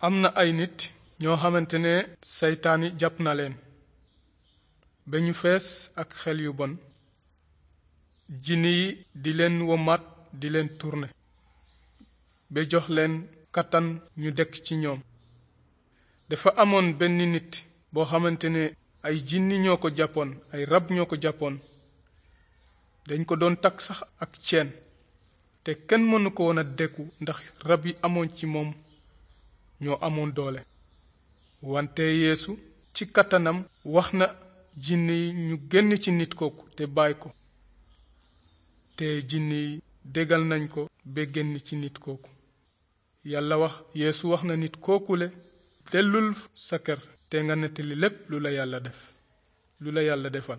am na ay nit ñoo xamante ne seytaani jàpp na leen ba ñu fees ak xel yu bon jinni yi di leen womaat di leen tourner ba jox leen kattan ñu dekk ci ñoom dafa amoon benn nit boo xamante ne ay jinni ñoo ko jàppoon ay rab ñoo ko jàppoon dañ ko doon takk sax ak ceen te kenn mënu ko woon a dekku ndax rab yi amoon ci moom ñoo amoon doole wante yeesu ci kattanam wax na jinne yi ñu génn ci nit kooku te bàyyi ko te jinne yi dégal nañ ko ba génn ci nit kooku yàlla wax yeesu wax na nit kooku kookule dellul sa kër te nga nettali lépp lu la yàlla def lu la yàlla defal